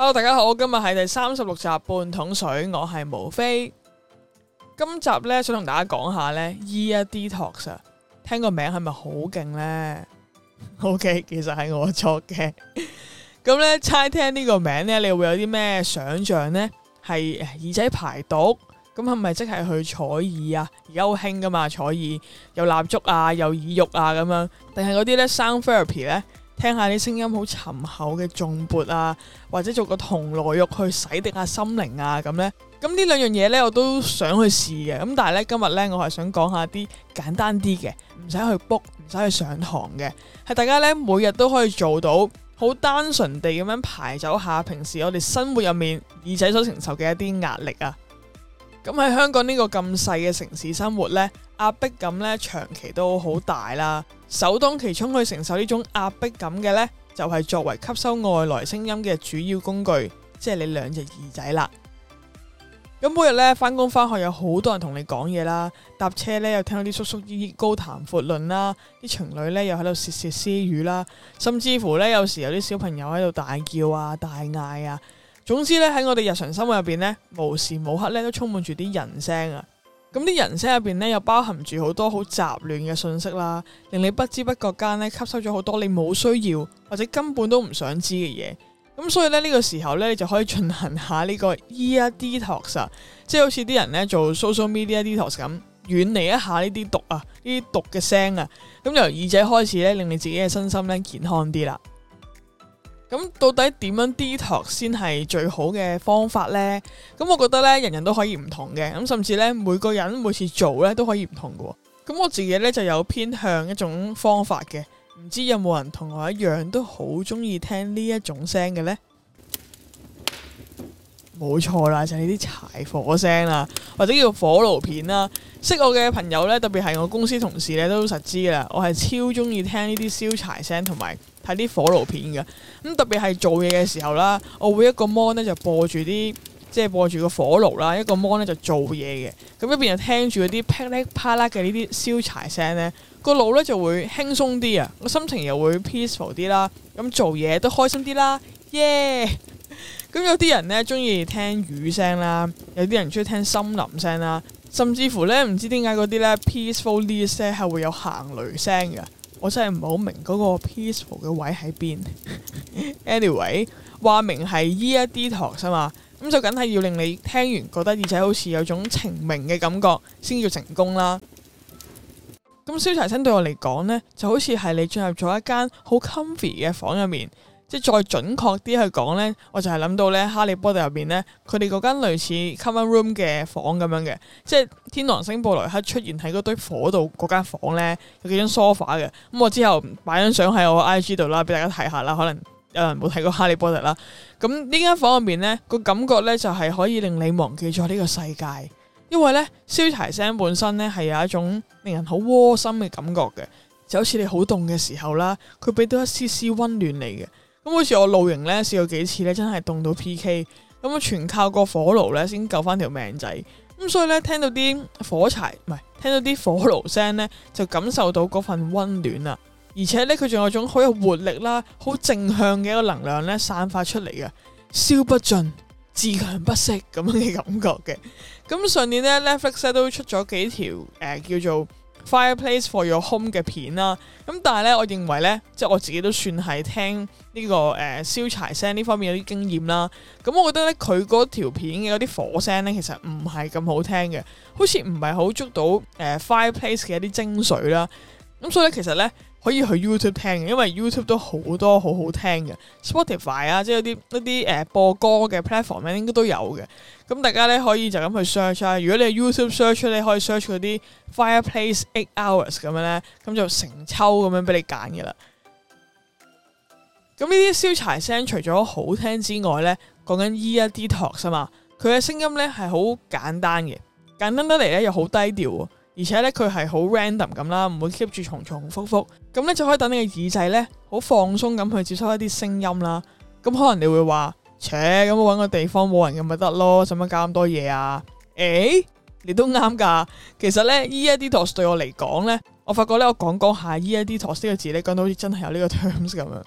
Hello，大家好，今日係第三十六集《半桶水》，我係無非。今集咧想同大家講下咧 Ear Detox，聽個名係咪好勁咧？OK，其實係我作嘅。咁 咧，猜聽呢個名咧，你會有啲咩想象呢？係耳仔排毒，咁係咪即係去採耳啊？而家好興噶嘛，採耳又蠟燭啊，又耳浴啊咁樣，定係嗰啲咧 Sound Therapy 咧？聽下啲聲音好沉厚嘅頌缽啊，或者做個銅鑼浴去洗滌下心靈啊，咁呢，咁呢兩樣嘢呢，我都想去試嘅。咁但係呢，今日呢，我係想講下啲簡單啲嘅，唔使去 book，唔使去上堂嘅，係大家呢，每日都可以做到，好單純地咁樣排走下平時我哋生活入面耳仔所承受嘅一啲壓力啊。咁喺香港呢個咁細嘅城市生活呢。壓迫感咧，長期都好大啦。首當其衝去承受呢種壓迫感嘅咧，就係作為吸收外來聲音嘅主要工具，即係你兩隻耳仔啦。咁每日咧，翻工翻學，有好多人同你講嘢啦。搭車咧又聽到啲叔叔姨姨高談闊論啦，啲情侶咧又喺度竊竊私語啦，甚至乎咧，有時有啲小朋友喺度大叫啊、大嗌啊。總之咧，喺我哋日常生活入邊咧，無時無刻咧都充滿住啲人聲啊。咁啲人聲入邊咧，又包含住好多好雜亂嘅信息啦，令你不知不覺間咧吸收咗好多你冇需要或者根本都唔想知嘅嘢。咁所以咧呢，呢個時候咧，你就可以進行下呢個 ear detox，啊，即係好似啲人咧做 social media detox 咁，遠離一下呢啲毒啊，呢啲毒嘅聲啊，咁由耳仔開始咧，令你自己嘅身心咧健康啲啦。咁到底點樣 detox 先係最好嘅方法呢？咁我覺得咧，人人都可以唔同嘅，咁甚至咧，每個人每次做咧都可以唔同嘅。咁我自己咧就有偏向一種方法嘅，唔知有冇人同我一樣都好中意聽呢一種聲嘅呢？冇錯啦，就係呢啲柴火聲啦，或者叫火爐片啦。識我嘅朋友呢，特別係我公司同事呢，都實知噶啦。我係超中意聽呢啲燒柴聲同埋睇啲火爐片嘅。咁特別係做嘢嘅時候啦，我會一個 mon 呢就播住啲，即係播住個火爐啦，一個 mon 呢就做嘢嘅。咁一邊就聽住嗰啲噼哩啪啦嘅呢啲燒柴聲呢，個腦呢就會輕鬆啲啊，個心情又會 peaceful 啲啦，咁做嘢都開心啲啦，耶、yeah！咁有啲人呢，中意聽雨聲啦，有啲人中意聽森林聲啦，甚至乎呢，唔知點解嗰啲呢 peaceful list 呢啲，係會有行雷聲噶，我真係唔係好明嗰個 peaceful 嘅位喺邊？ Anyway，話明係 Ear Detox 嘛，咁就梗係要令你聽完覺得而且好似有種澄明嘅感覺先叫成功啦。咁燒柴聲對我嚟講呢，就好似係你進入咗一間好 comfy 嘅房入面。即再準確啲去講呢，我就係諗到呢。《哈利波特》入邊呢，佢哋嗰間類似 common room 嘅房咁樣嘅，即係天狼星布萊克出現喺嗰堆火度嗰間房呢，有幾張梳化嘅。咁我之後擺張相喺我 IG 度啦，俾大家睇下啦。可能有人冇睇過《哈利波特》啦。咁呢間房入邊呢，個感覺呢，就係可以令你忘記咗呢個世界，因為呢燒柴聲本身呢，係有一種令人好窩心嘅感覺嘅，就好似你好凍嘅時候啦，佢俾到一絲絲溫暖嚟嘅。好似我露營咧，試過幾次咧，真係凍到 PK，咁啊全靠個火爐咧先救翻條命仔。咁所以咧，聽到啲火柴唔係，聽到啲火爐聲咧，就感受到嗰份溫暖啦。而且咧，佢仲有種好有活力啦，好正向嘅一個能量咧，散發出嚟嘅，燒不盡，自強不息咁樣嘅感覺嘅。咁上年呢 Netflix 都出咗幾條誒、呃，叫做。Fireplace for your home 嘅片啦，咁但係咧，我認為咧，即係我自己都算係聽呢、這個誒燒、呃、柴聲呢方面有啲經驗啦。咁我覺得咧，佢嗰條片嘅嗰啲火聲咧，其實唔係咁好聽嘅，好似唔係好捉到誒、呃、fireplace 嘅一啲精髓啦。咁所以咧，其實咧。可以去 YouTube 聽嘅，因為 YouTube 都好多好好聽嘅。Spotify 啊，即係一啲一啲誒播歌嘅 platform 咧，應該都有嘅。咁大家咧可以就咁去 search 啦、啊。如果你係 YouTube search 咧，可以 search 嗰啲 Fireplace Eight Hours 咁樣咧，咁就成抽咁樣俾你揀嘅啦。咁呢啲燒柴聲除咗好聽之外咧，講緊 Ear Detox 啊嘛，佢嘅聲音咧係好簡單嘅，簡單得嚟咧又好低調。而且咧佢係好 random 咁啦，唔會 keep 住重重複複，咁咧就可以等你嘅耳仔咧好放鬆咁去接收一啲聲音啦。咁可能你會話，切咁、e, 我搵個地方冇人嘅咪得咯，使乜搞咁多嘢啊？誒、eh?，你都啱噶。其實咧呢一啲 terms 對我嚟講咧，我發覺咧我講講下、e、個呢一啲 terms 嘅字咧，講到好似真係有呢個 terms 咁樣。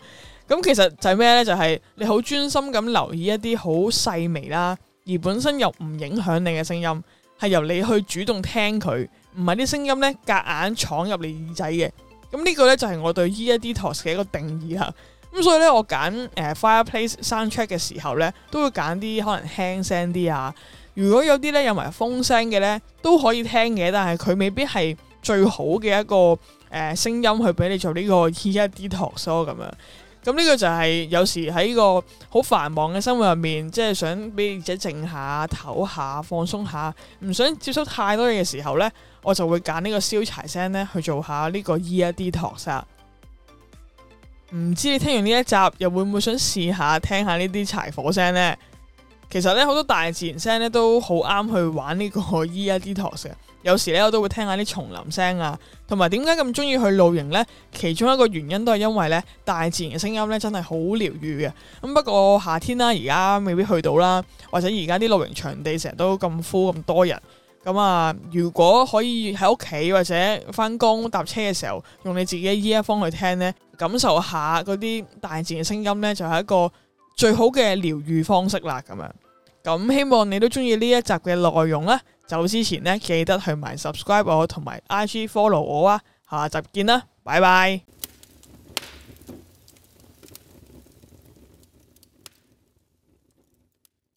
咁其實就係咩咧？就係、是、你好專心咁留意一啲好細微啦，而本身又唔影響你嘅聲音。係由你去主動聽佢，唔係啲聲音咧夾硬闖入你耳仔嘅。咁、嗯這個、呢個咧就係、是、我對 Ear Detox 嘅一個定義啦。咁、嗯、所以咧我揀誒、呃、Fireplace Soundtrack 嘅時候咧，都會揀啲可能輕聲啲啊。如果有啲咧有埋風聲嘅咧，都可以聽嘅，但係佢未必係最好嘅一個誒、呃、聲音去俾你做呢個 Ear Detox 咯、哦、咁樣。咁呢個就係有時喺呢個好繁忙嘅生活入面，即、就、係、是、想俾自己靜下、唞下、放鬆下，唔想接觸太多嘢嘅時候呢，我就會揀呢個燒柴聲呢去做下呢個 Ear Detox。唔知你聽完呢一集，又會唔會想試，試聽下聽下呢啲柴火聲呢？其實咧好多大自然聲咧都好啱去玩呢個 Ear Detox 嘅。有時咧我都會聽一下啲叢林聲啊，同埋點解咁中意去露營呢？其中一個原因都係因為咧大自然嘅聲音咧真係好療愈嘅。咁不過夏天啦、啊，而家未必去到啦，或者而家啲露營場地成日都咁 full 咁多人。咁啊，如果可以喺屋企或者翻工搭車嘅時候用你自己嘅 earphone 去聽呢，感受下嗰啲大自然嘅聲音呢，就係、是、一個最好嘅療愈方式啦。咁樣。咁希望你都鍾意呢一集嘅內容啦，走之前咧記得去埋 subscribe 我同埋 IG follow 我啊，下集見啦，拜拜。